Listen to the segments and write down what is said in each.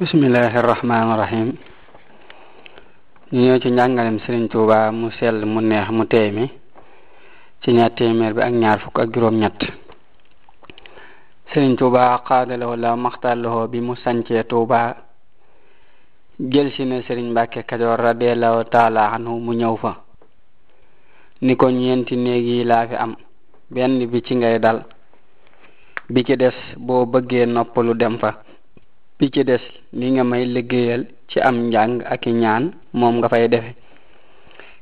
bismillahi rahmaani ci njàngalem Sëriñ Tuuba mu sell mu neex mu teey mi ci ñaar téeméer bi ak ñaar fukk ak juróom ñett Sëriñ Tuuba xaadaloo la maxtaloo bi mu sancee Tuuba jël si na Sëriñ Mbàkke Kajoor radiallahu taala anhu mu ñëw fa ni ko ñeenti néeg yi laa fi am benn bi ci ngay dal bi ci des boo bëggee noppalu dem fa bi ci des li nga may liggéeyal ci am njàng ak i ñaan moom nga fay defe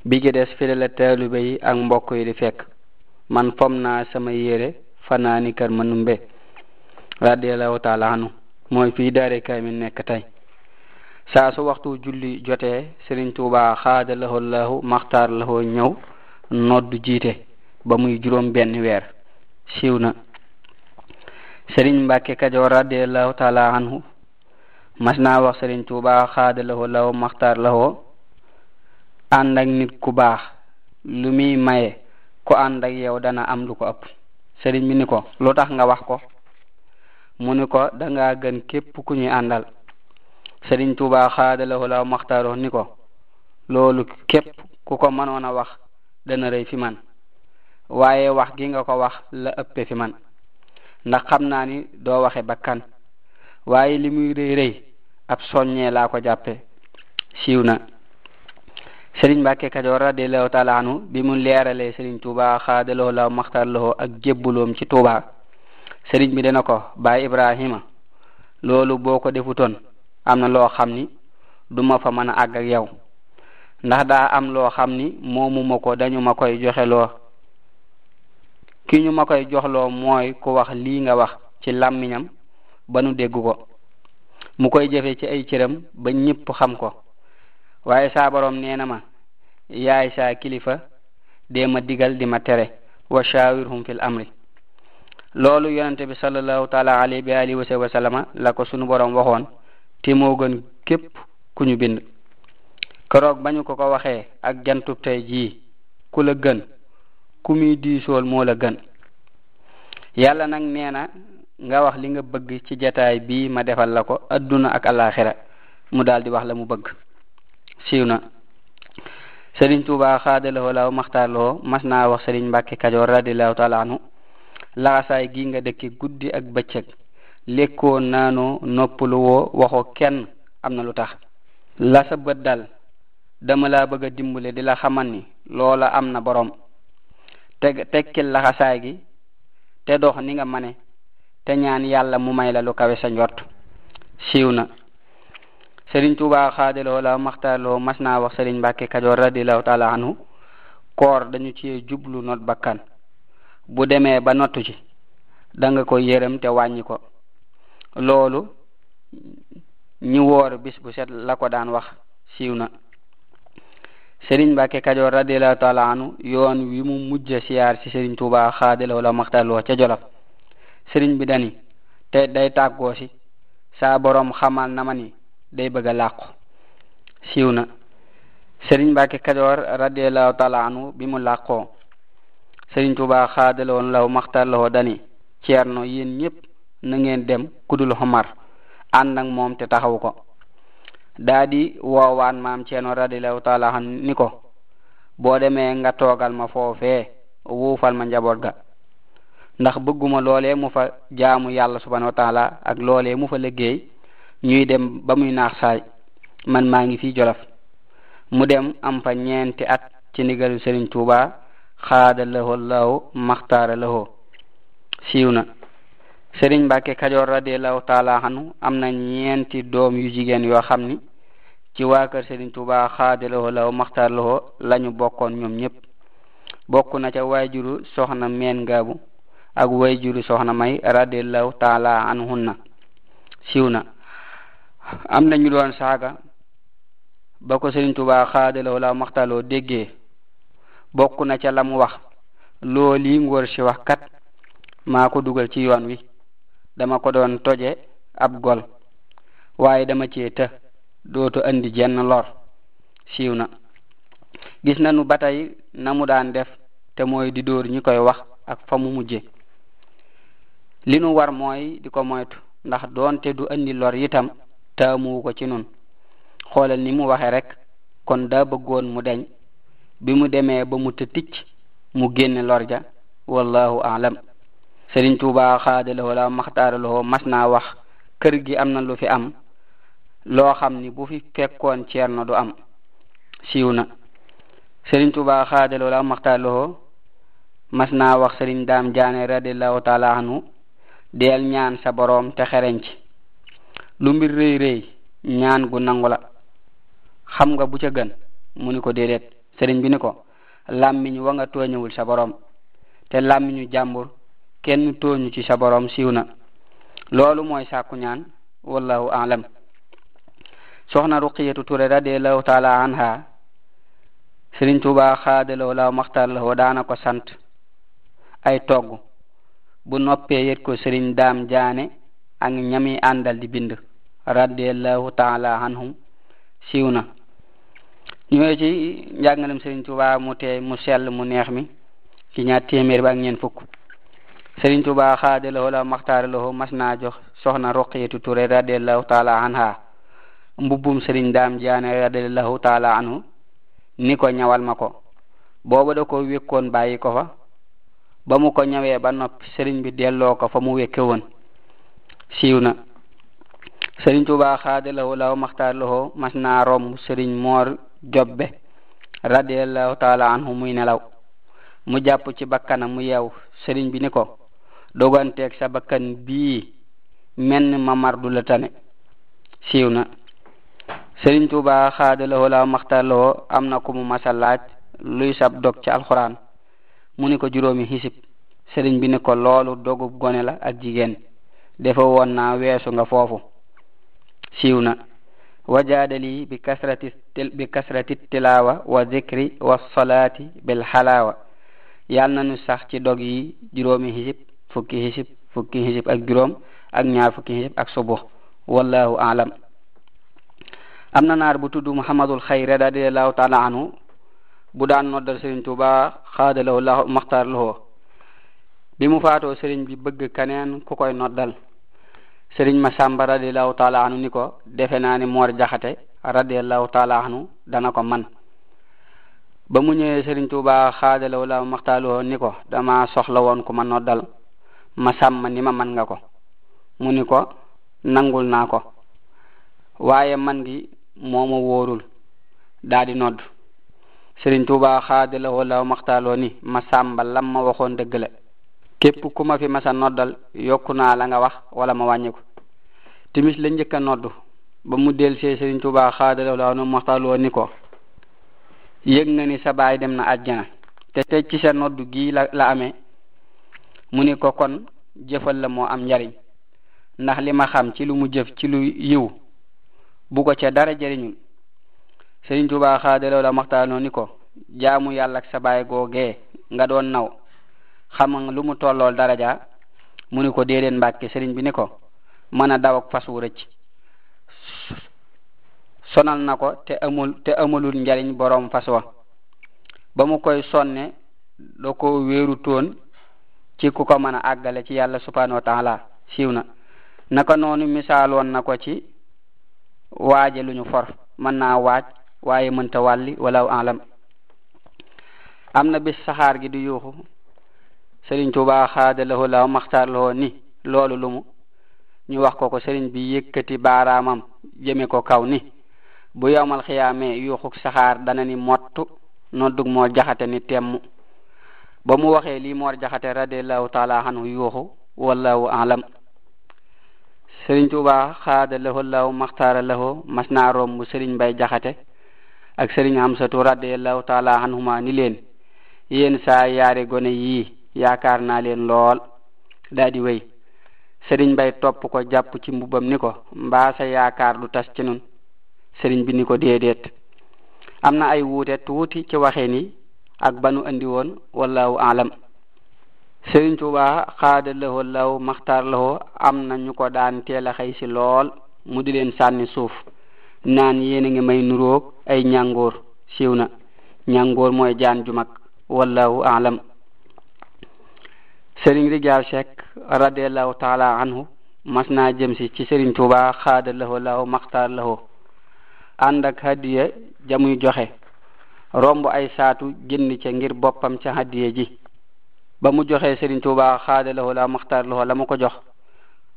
bi ci des fi la ba yi ak mbokk yi di fekk man fom naa sama yére fanaani kër Manumbe radiallahu taala anu mooy fii daare kaamil nekk tey saa su waxtu julli jotee Sëriñ Tuubaa xaada lahoo lahu maxtaar lahoo ñëw nodd jiite ba muy juróom benn weer siiw na Sëriñ Mbàkke Kajoor radiallahu taala anhu mas naa wax Sëriñ Tuubaa xaada la woo law maxtaar la woo nit ku baax lu muy maye ku ànd ak yow dana am lu ko ëpp sëriñ mi ni ko lu tax nga wax ko mu ni ko danga gën képp ku ñuy àndal Sëriñ Tuubaa xaada la woo law ni ko loolu képp ku ko mënoon a wax dana rëy fi man waaye wax gi nga ko wax la ëppe fi man ndax xam naa ni doo waxe bakkan waaye li muy rëy rëy ab soññee laa ko jàppe siiw na sëriñ Mbàkke Kajoor radiallahu taala anhu bi mu leeralee sëriñ Tuuba xaadaloo la maxtar loo ak jébbuloom ci Tuuba sëriñ bi dana ko baay Ibrahima loolu boo ko defutoon am na loo xam ni duma fa mën a àgg ak yow ndax daa am loo xam ni moomuma ko dañu ma koy joxeloo ki ñu ma koy joxloo mooy ku wax lii nga wax ci làmmiñam ba nu dégg ko mu koy jëfe ci ay cëram ba ñépp xam ko waaye saa boroom nee na ma yaay saa kilifa dee ma digal di ma tere wa shawirhum fil amri loolu yonente bi sallallahu taala alayhi bi alihi wa la ko sunu boroom waxoon te moo gën képp ku ñu bind keroog ba ñu ko ko waxee ak jantub tey jii ku la gën ku muy diisool moo la gën yàlla nag nee nga wax li nga bëgg ci jataay bii ma defal la ko adduna ak alaxira mu daldi wax la mu bëgg siiw na sëriñ tuuba xaadalawoo laaw maxtaarlawoo mas naa wax sëriñ mbàkke kajoor radiallahu taala nga dëkki guddi ak bëccëg lekkoo naanoo noppalu woo waxoo kenn am na lu tax la sa dal dama laa bëgg a dimbale di la xamal ni loola am na boroom teg tekkil laxasaay gi te dox ni nga mane te ñaan yàlla mu may la lu kawe sa njort siiw na sëriñ Tuubaa xaadaloo la maxtaarloo mas naa wax sëriñ Mbàkke Kajoor radiallahu taala koor dañu ci jublu not bakkan bu demee ba nottu ci da nga ko yërëm te wàññi ko loolu ñi woor bis bu set la ko daan wax siiw na sëriñ Mbàkke Kajoor radiallahu taala yoon wi mu mujj siyaar ci sëriñ Tuubaa xaadaloo la maxtaarloo ca Jolof sëriñ bi dani te day tàggoo si saa boroom xamal na ma ni day bëgg a làqu siiw na sëriñ Mbàkke Kajoor bi mu làqoo sëriñ Tuubaa xaadaloon law maxtarlawoo dani ceerno yéen ñépp na ngeen dem kudul xomar ànd moom te taxaw ko daa di woowaan maam ceerno radiallahu taala anhu ni ko boo demee nga toogal ma foofe wuufal ma njaboot ga ndax bëgguma loole mu fa jaamu yàlla subhanahu wa taala ak loole mu fa liggéey ñuy dem ba muy naax saay man maa ngi fi jolof mu dem am fa ñeenti at ci ndigalu Sëriñ Tuuba xaada lahoo law maxtaara lahoo na Sëriñ Mbàkke Kajoor radiallahu taala xanu am na ñeenti doom yu jigéen yoo xam ni ci waa Sëriñ Tuuba xaada lahoo lañu bokkoon ñoom ñépp bokk na ca waajuru soxna meen ngaabu ak way juru soxna may radiallahu taala anhunna siiw na am na ñu doon saaga ba ko sëriñ tuba xaadalahu la maxtaloo déggee bokk na ca lam wax loolu ngor si wax kat maa ko dugal ci yoon wi dama ko doon toje ab gol waaye dama cee të dootu andi jenn lor siiw na gis nanu batay na mu daan def te mooy di dóor ñi koy wax ak fa mu mujjee li nu war mooy di ko moytu ndax doonte du indi lor itam taamuwu ko ci nun xoolal ni mu waxe rek kon daa bëggoon mu deñ bi mu demee ba mu tëticc mu génne lor ja wallahu alam Sëriñ Tuubaa xaadalowoo la maxtaaralowoo mas naa wax kër gi am na lu fi am loo xam ni bu fi fekkoon ceerno du am siiw na Sëriñ Tuubaa xaadalowoo la maxtaaralowoo mas wax Sëriñ Daam Jaane radiallahu taala anhu deel ñaan sa boroom te xereñ lu mbir rëy rëy ñaan gu nangu la xam nga bu ca gën mu ni ko déedéet sëriñ bi ni ko làmmiñ wa nga tooñewul sa boroom te làmmiñu jàmbur kenn tooñu ci sa boroom siiw na loolu mooy sàkku ñaan wallahu alam soxna ruqiyatu ture radiallahu taala anha sëriñ tuuba xaadalaw laaw maxtaar la woo daana ko sant ay toogu bu noppee yet ko sëriñ daam jaane ak ñami àndal di bind radiallahu taala anhum siiw na ñëwee ci njàngalem sëriñ Tuubaa mu teey mu sell mu neex mi ci ñaar téeméer ba ak ñeent fukk sëriñ Tuubaa xaade la wala maxtaare la naa jox soxna Roqiyatu Ture radiallahu taala anha mbubbum sëriñ daam jaane radiallahu taala anhu ni ko ñawal ma ko booba da ko wékkoon bàyyi fa ba mu ko ñawee ba nopp sëriñ bi delloo ko fa mu wekke woon siiw na sëriñ Tuubaa xaadalawo law maxtaarlowoo mas naa romb sëriñ moor jobbe radiallahu taala anhu muy nelaw mu jàpp ci bakkanam mu yeew sëriñ bi ni ko doganteeg sa bakkan bii menn mamar du la tane siiw na sëriñ Tuubaa xaadalawo law maxtaarlowoo am na ku mu masa laaj luy sab dog ci alxuraan mu ne ko juróomi hisib sëriñ bi ne ko loolu dogub gone la ak jigéen defa woon naa weesu nga foofu siiw na wajaadali bi kasrati bi kasrati tilawa wa zikri wa salati bil halawa yal nañu sax ci dog yi juróomi hisib fukki hisib fukki hisib ak juróom ak ñaar fukki hisib ak subu wallahu aalam am na naar bu tudd muhammadul xayre radiallahu taala anhu bu daan noddal sëriñ Tuuba xaadalawu la maxtaar lowoo bi mu faatoo sëriñ bi bëgg kaneen ku koy noddal sëriñ Masamba radiallahu taala anu ni ko defe naa ni moor jaxate radiallahu taala anu dana ko man ba mu ñëwee sëriñ Tuuba xaadalawu la maxtaar lowoo ni ko dama soxla woon ku ma noddal Masamba ni ma man nga ko mu ni ko nangul naa ko waaye man gi moo ma wóorul nodd sëriñ tuuba xaadalawoo law maxtaaloo ni ma sàmba lam ma waxoon dëgg la képp ku ma fi masa noddal yokku naa la nga wax wala ma wàññiku timis la njëkk a noddu ba mu del see sëriñ tuuba xaadalawoo law nu maxtaaloo ni ko yëg nga ni sa baay dem na àjjana te te ci sa noddu gi la la amee mu ni ko kon jëfal la moo am njariñ ndax li ma xam ci lu mu jëf ci lu yiw bu ko ca dara jariñul sëriñ Tuubaa xaadalaw la maxtaanoo ko jamu yàlla ak sa baay googee nga doon naw xam lu mu tollool daraja mu ni ko déedéet mbàkke sëriñ bi ni ko mën a daw ak fas wu rëcc sonal na ko te amul te amulul njariñ boroom fas wa ba mu koy sonne da ko wéeru toon ci ku ko mën a àggale ci yàlla subhanahu wa taala siiw na naka noonu misaaloon na ko ci waaje lu ñu for mën naa waaj waaye mënta wàlli walaw alam am na bis saxaar gi di yuuxu Sëriñ Tuubaa xaada lahu laaw maxtaar lahoo ni loolu lu mu ñu wax ko ko sëriñ bi yëkkati baaraamam jëme ko kaw ni bu yowmal xiyaamee yuuxuk saxaar dana ni mottu noddug moor jaxate ni temm ba mu waxee lii moor jaxate radiallahu taala anhu yuuxu wallahu alam Sëriñ Tuubaa xaada lahu laaw maxtaara lahoo mas naa romb Sëriñ Mbay Jaxate ak sëriñ Amsatu radiallahu taala anhuma ni leen yéen sa yaari gone yii yaakaar naa leen lool daa way wéy sëriñ bay topp ko jàpp ci mbubbam ni ko mbaa yaakaar du tas ci nun sëriñ bi ni ko déedéet am na ay wuute tuuti ci waxe ni ak banu andi woon wallahu alam sëriñ Tuubaa xaada lahoo law maxtaar lahoo am na ñu ko daan teel a lool mu di leen sànni suuf naan yéen ngi may nuroog ay ñàngoor siiw na ñàngoor mooy jaan ju mag wallahu alam sëriñ Rijaab Sekk radiallahu taala anhu mas na jëm si ci sëriñ Tuuba xaada lahoo lahoo maxtaar lahoo ànd ak hadiye jamuy joxe romb ay saatu jënd ci ngir boppam ca hadiye ji ba mu joxe sëriñ Tuuba xaada lahoo lahoo maxtaar lahoo la mu ko jox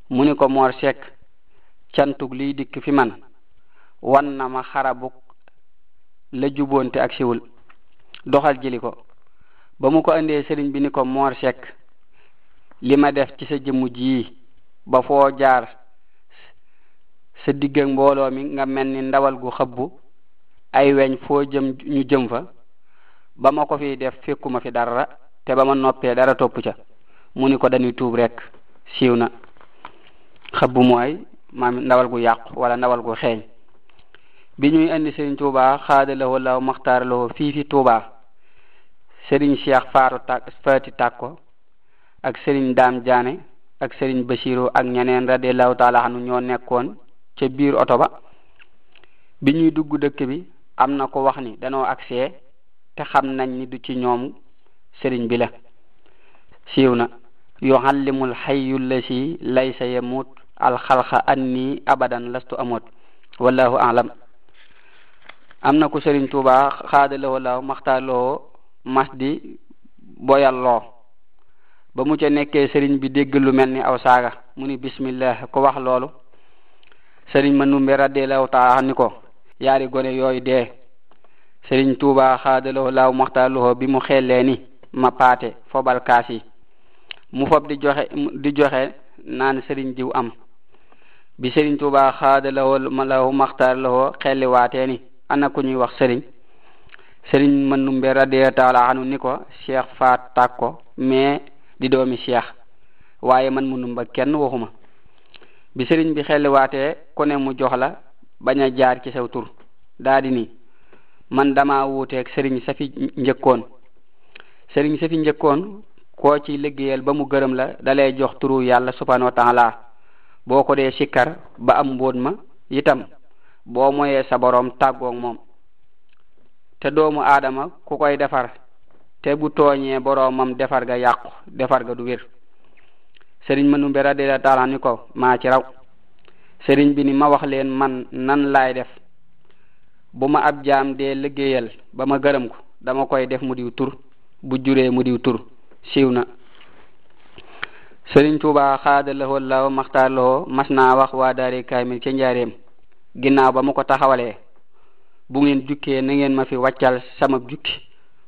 mu ni ko Mor Sekk cantug liy dikk fi man wan na ma xarabuk la juboonte ak siwul doxal jëli ko ba mu ko indee sëriñ bi ni ko moor sekk li ma def ci sa jëmm ji ba foo jaar sa digg ak mbooloo mi nga mel ni ndawal gu xëbbu ay weñ foo jëm ñu jëm fa ba ma ko fi def fekkuma fi dara te ba ma noppee dara topp ca mu ni ko dañuy tuub rekk siiw na xëbbu mooy maam ndawal gu yàqu wala ndawal gu xeeñ bi ñuy indi Serigne Touba xaadalawoo law maxtaaralawoo fii fi Touba Serigne Cheikh Faatu tak Faati Takko ak sëriñ Dame Diané ak Serigne Bassirou ak ñeneen radiallahu taala anu ñoo nekkoon ca biir oto ba bi ñuy dugg dëkk bi am na ko wax ni danoo agsee te xam nañ ni du ci ñoom sëriñ bi la siiw na yuhallimul hayyul lasi laysa yamut alxalqa anni abadan lastu amut wallahu alam am na ku Sëriñ Tuuba xaada lawoo laaw maxtaar lawoo mas di boyal ba mu ca nekkee sëriñ bi dégg lu mel ni aw saaga mu ni bismillah ko wax loolu sëriñ ma numbe radiallahu taala ni ko yaari gone yooyu dee Sëriñ Tuuba xaada lawoo maxtaar lawoo bi mu xellee ni ma paate fobal kaas yi mu fob di joxe di naan sëriñ diw am bi Sëriñ Tuuba xaada lawoo laaw maxtaar lawoo xelli waatee ni ana ku ñuy wax sëriñ sëriñ Mandumbe radiallahu taala anu ni ko cheikh faat tàg ko mais di doomi cheikh waaye man Mandumba kenn waxuma bi sëriñ bi xelliwaatee ku ne mu jox la bañ a jaar ci saw tur daa di man dama wuuteeg sëriñ sa fi njëkkoon sëriñ sa njëkkoon koo ci liggéeyal ba mu gërëm la dalay jox turu yàlla subhanahu wa boo ko dee sikkar ba am mbóot ma itam boo moyee sa boroom tàggoog moom te doomu aadama ku koy defar te bu tooñee boroom boroomam defar ga yàqu defar ga du wér sëriñ mënu bi radiallahu taala ni ko maa ci raw sëriñ bi ni ma wax leen man nan laay def bu ma ab jaam dee liggéeyal ba ma gërëm ko dama koy def mu diw tur bu juree mu diw tur siiw na sëriñ Tuubaa xaadalawoo law maxtaarlowoo mas naa wax waa daari kaamil ca njaareem ginnaaw ba mu ko taxawalee bu ngeen jukkee na ngeen ma fi wàccal sama jukki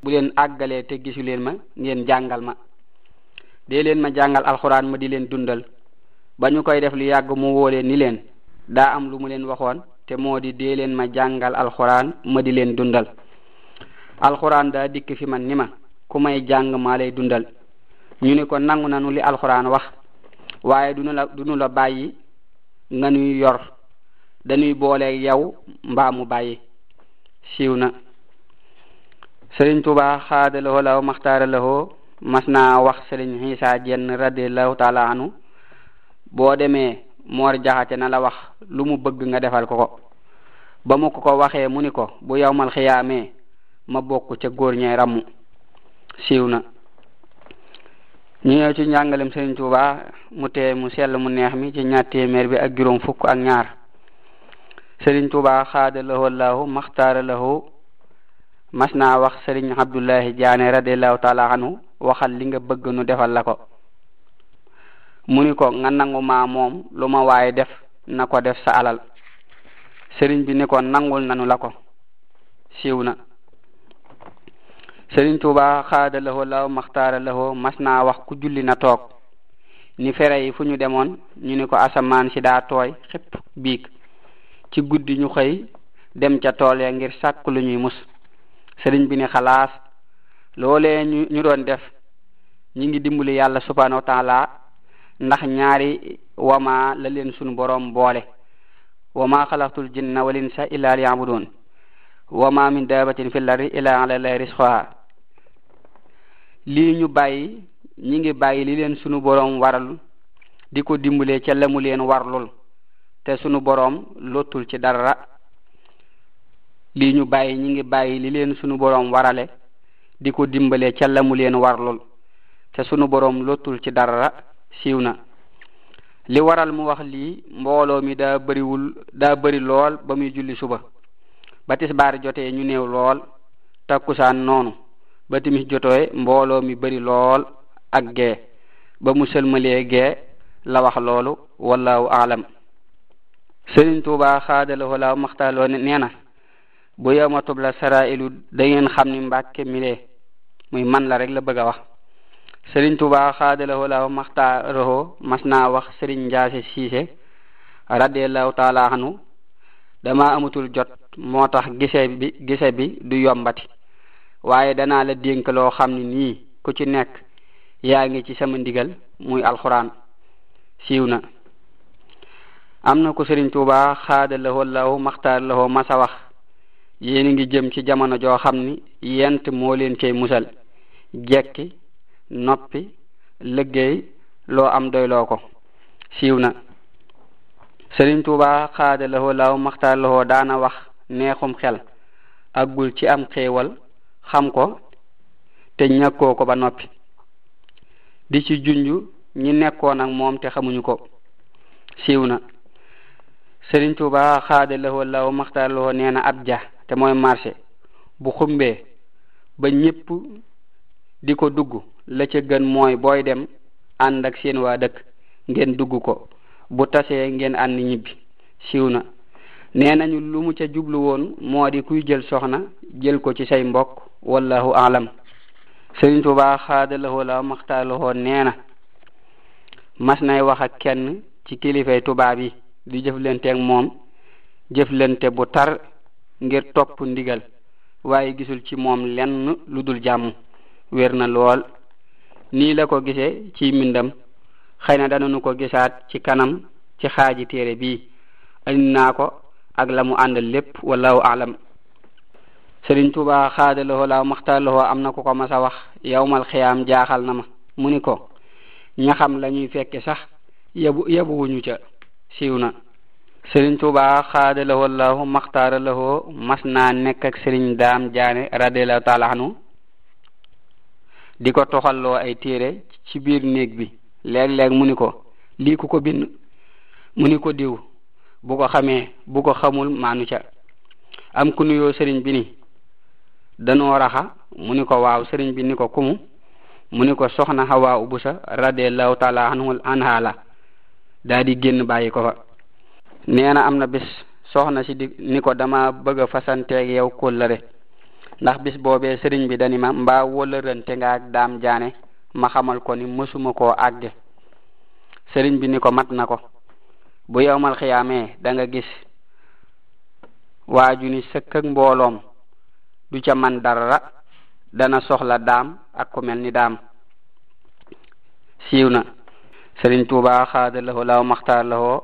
bu leen àggalee te gisu leen ma ngeen jàngal ma dee leen ma jàngal alxuraan ma di leen dundal ba ñu koy def lu yàgg mu wóole ni leen daa am lu mu leen waxoon te moo di dee leen ma jàngal alxuraan ma di leen dundal alxuraan daa dikk fi man ni ma ku may jàng maa lay dundal ñu ne ko nangu nanu li alxuraan wax waaye du nu la du nu la bàyyi nga nuy yor dañuy booleeg yow mbaa mu bàyyi siiw na sëriñ Tuubaa xaadalawoo law maxtaaralawoo mas naa wax sëriñ Xiisa jenn radiallahu taala anu boo demee moor jaxate na la wax lu mu bëgg nga defal ko ko ba mu ko ko waxee mu ni ko bu yowmal xiyaamee ma bokk ca góor ñee ràmm siiw na ñu ñëw ci njàngalem sëriñ Tuubaa mu tee mu sell mu neex mi ci ñaar téeméer bi ak juróom fukk ak ñaar sëriñ tuuba xaada lahu allahu maxtaara lahu mas naa wax sëriñ abdullahi jaane radiallahu taala anhu waxal li bëgg nu defal la ko mu ni ko nga nangu maa moom lu ma waaye def na ko def sa alal sëriñ bi ni ko nangul nanu la ko siiw na sëriñ tuuba xaada lahu allahu maxtaara lahu mas naa wax ku julli na toog ni fere yi fu ñu demoon ñu ni ko asamaan si daa tooy xëpp biig ci guddi ñu xëy dem ca tool ya ngir sàkk lu ñuy mus sëriñ bi ni xalaas loolee ñu doon def ñi ngi dimbali yàlla subhanahu wa ndax ñaari wama la leen sunu boroom boole wama xalaatul jinna wal insa illa liya'budun doon min dabatin fil ardi illa ala llahi rizquha lii ñu bàyyi ñi ngi bàyyi li leen sunu boroom waral di ko dimbalee ca lamu mu leen warlul te suñu borom lottul ci dara li ñu bàyyi ñi ngi bàyyi li leen suñu borom warale di ko dimbale ca lamu leen warlul te suñu borom lottul ci dara siiw na li waral mu wax lii mbooloo mi daa bëriwul daa bëri lool ba muy julli suba ba tisbaar jotee ñu néew lool takkusaan noonu ba timis jotoy mbooloo mi bëri lool ak gee ba musalmalee gee la wax loolu wallaahu aalam sëriñ tuuba xaadalawo laaw maxtaaloo ne nee na bu yow ma tubla sarailu da ngeen xam ni mbàkke milee muy man la rek la bëgg a wax sëriñ tuuba xaadalawo laaw maxtaaloo mas naa wax sëriñ njaase siise radiallahu taala anhu dama amatul jot moo tax gise bi gise bi du yombati waaye danaa la dénk xam ni nii ku ci nekk yaa ngi ci sama ndigal muy alxuraan siiw na am na ko Sëriñ Tuubaa xaada lahoo lahoo maxtaar lahoo masa wax yéen ngi jëm ci jamono joo xam ni yent moo leen cey musal jekki noppi liggéey loo am doyloo ko siiw na Sëriñ Tuubaa xaada lahoo lahoo maxtaar lahoo daana wax neexum xel aggul ci am xéewal xam ko te ñàkkoo ko ba noppi di ci junj ñi nekkoon ak moom te xamuñu ko siiw na Sëriñ Tuuba xaada lahoo law maxtaar lahoo nee na ab ja te mooy marché bu xumbee ba ñépp di ko dugg la ca gën mooy booy dem ànd ak seen waa dëkk ngeen dugg ko bu tasee ngeen ànd ñibbi siiw na nee nañu lu mu ca jublu woon moo di kuy jël soxna jël ko ci say mbokk wallahu alam Sëriñ Tuuba xaada lahoo law maxtaar lahoo nee mas nay wax kenn ci kilifay tubaab yi di jëflanteeg moom jëflante bu tar ngir topp ndigal waaye gisul ci moom lenn lu dul jàmm wér na lool nii la ko gisee ci mbindam xëy na danañu ko gisaat ci kanam ci xaaji téere bii indi naa ko ak la mu ànd lépp wallahu alam sëriñ tuuba xaadalowoo laaw maxtaarlowoo am na ku ko mas a wax yawmal xiyaam jaaxal na ma mu ni ko ña xam la ñuy fekke sax yebu yebuwuñu ca siiw na sëriñ Tuubaa xaada lahoo lahu maxtaara mas naa nekk ak sëriñ daam jaane radiallahu taala anhu di ko toxalloo ay téere ci biir néeg bi léeg-léeg mu ni ko lii ku ko bind mu ni ko diw bu ko xamee bu ko xamul maanu ca am ku nuyoo sëriñ bi ni danoo raxa mu ni ko waaw sëriñ bi ni ko kumu mu ni ko soxna Hawa Ubusa radiallahu taala anhu anha la daa génn bàyyi ko fa nee na am na bis soxna si di ni ko dama bëgg a fasanteeg yow kóllëre ndax bis boobee sëriñ bi dani ma mbaa wóllërante nga ak daam jaane ma xamal ko ni mësuma koo àgge sëriñ bi ni ko mat na ko bu yowmal xiyaamee danga nga gis waaju ni sëkk mbooloom du ca man dara dana soxla daam ak ku mel ni daam siiw na sëriñ tuuba xaada lawo law maxtaar lawoo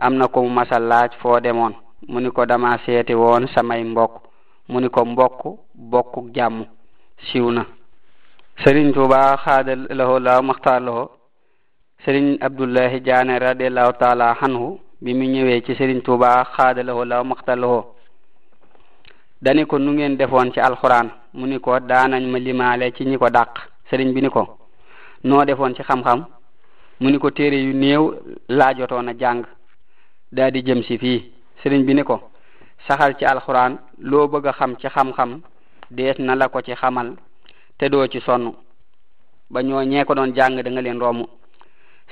am na ko masalaaj foo demoon mu ni ko dama seeti woon samay mbokk mu ni ko mbokk bokku jàmm siiw na sëriñ tuuba xaada lawo law maxtaar lawoo sëriñ abdullahi jaane radiallahu taala anhu bi mu ñëwee ci sëriñ tuuba xaada lawo law maxtaar lawoo dani ko nu ngeen defoon ci alxuraan mu ni ko daanañ ma limaale ci ñi ko dàq sëriñ bi ni ko noo defoon ci xam-xam mu ni ko téere yu néew laajotoon a jàng daa di jëm si fii sëriñ bi ni ko saxal ci alxuraan loo bëgg a xam ci xam-xam dees na la ko ci xamal te doo ci sonn ba ñoo ñee doon jàng da leen romb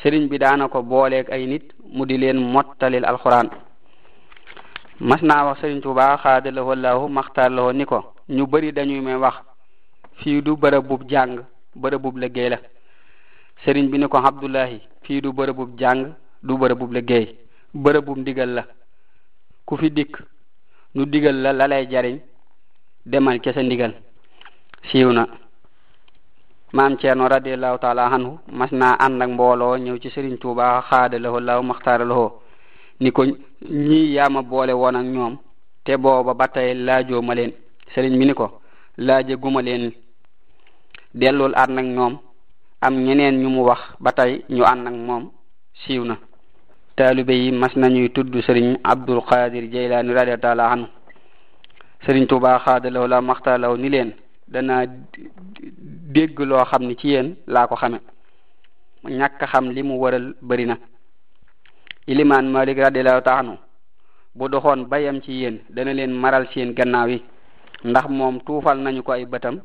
sëriñ bi daana ko booleeg ay nit mu di leen mottalil alxuraan mas naa wax sëriñ Tuubaa xaadalahu allahu maxtaarlahu ni ko ñu bari dañuy may wax fii du bërëb bub jàng bërëb bub liggéey la sëriñ bi ni ko Abdullahi fii du bërëbub jàng du bërëbub liggéey bërëbub ndigal la ku fi dikk nu digal la la lay jariñ demal ca sa ndigal siiw na maam Ceerno radiallahu taala anhu mas naa ànd mbooloo ñëw ci sëriñ Tuuba xaadalahoo law maxtaaralahoo ni ko ñii yaama boole woon ak ñoom te booba ba tey laajoo ma leen sëriñ bi ni ko laaje guma leen dellul ànd ñoom am ñeneen ñu mu wax ba tey ñu ànd ak moom siiw na taalibe yi mas nañuy tudd sëriñ abdul qadir jaylaani radiallahu taala anhu sëriñ tuubaa xaadalaw la maxtaalaw ni leen dana dégg loo xam ni ci yéen laa ko xame ñàkk xam li mu waral bëri na ilimaan malik radiallahu taala bu doxoon bayam ci yéen dana leen maral seen gannaaw yi ndax moom tuufal nañu ko ay bëtam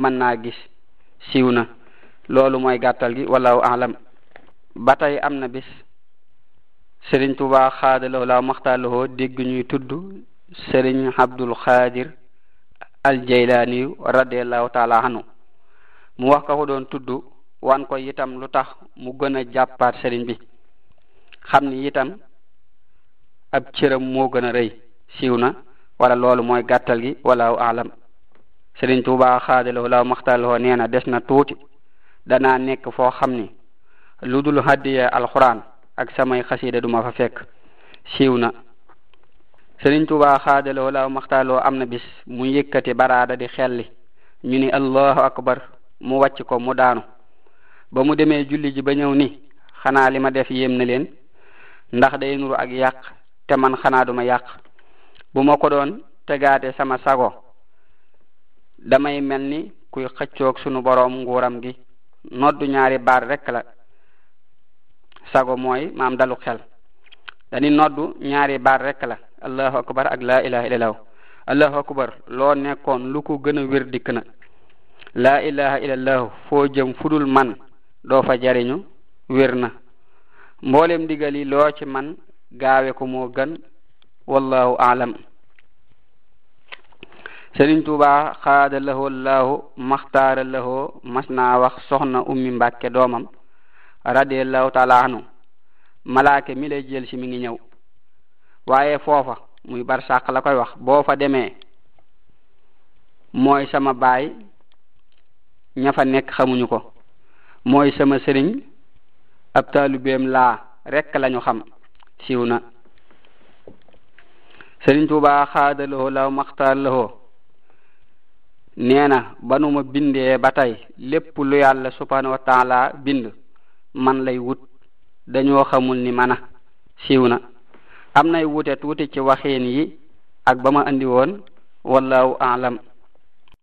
mën naa gis siiw na loolu mooy gàttal gi wallahu alam ba tey am na bis sëriñ Tuubaa xaadaloo laa maxtaaloo dégg ñuy tudd sëriñ Abdul Xaadir aljaylaani radiallahu taala anhu mu wax ka ko doon tudd wan ko itam lu tax mu gën a jàppaat sëriñ bi xam ni itam ab cëram moo gën a rëy siiw na wala loolu mooy gàttal gi wallahu alam sëriñ Tuubaa xaadaloo laa maxtaaloo nee na des na tuuti danaa nekk foo xam ni lu dul hadiya alxuraan ak samay xasida duma fa fekk siiw na Sëriñ Tuubaa xaadaloo laaw maxtaaloo am na bis mu yëkkati baraada di xelli ñu ni allahu akbar mu wàcc ko mu daanu ba mu demee julli ji ba ñëw ni xanaa li ma def yéem na leen ndax day nuru ak yàq te man xanaa duma yàq bu ma ko doon tegaate sama sago damay mel ni kuy xëccoog sunu boroom nguuram gi noddu ñaari baar rekk la sago mooy maam dalu xel dañuy noddu ñaari baar rekk la allahu akbar ak laa ilaha illallah allahu akbar loo nekkoon lu ko gën a wér dikk na laa ilaha illallah foo jëm fudul man doo fa jariñu wér na mboolem ndigal yi loo ci man gaawe ko moo gën wallahu aalam Sëriñ Tuubaa xaada lahoo laahu maxtaara lahoo mas naa wax soxna ummi Mbàkke doomam radiallahu taala anhu malaake mi lay jël si mi ngi ñëw waaye foofa muy barsàq la koy wax boo fa demee mooy sama baay ñafa nekk xamuñu ko mooy sama sëriñ ab taalubeem laa rekk lañu xam siiw na Sëriñ Tuubaa xaada lahoo laahu maxtaara lahoo n e n a banuma bindee ba tey lépp lu yàlla subhanahu wa taala bind man lay wut dañoo xamul ni mana siiw na am nay wute t w u t i ci waxiin yi ak ba ma andi w o n w a l l a u l a m